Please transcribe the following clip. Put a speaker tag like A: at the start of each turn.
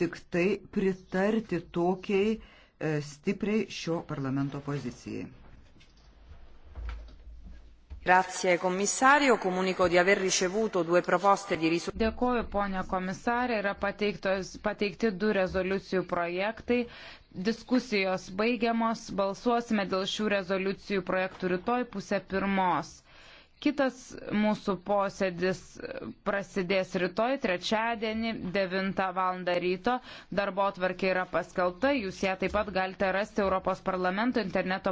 A: tik tai pritarti tokiai e, stipriai šio parlamento pozicijai. Grazie komisario,
B: komuniko di aver ricevuto due proposte di risoluzione. Dėkoju, ponia komisarė, yra pateikti
C: du rezoliucijų projektai. Diskusijos baigiamos, balsuosime dėl šių rezoliucijų projektų rytoj pusę pirmos. Kitas mūsų posėdis prasidės rytoj, trečiadienį, 9 val. ryto. Darbo tvarkė yra paskelbta, jūs ją taip pat galite rasti Europos parlamento
D: interneto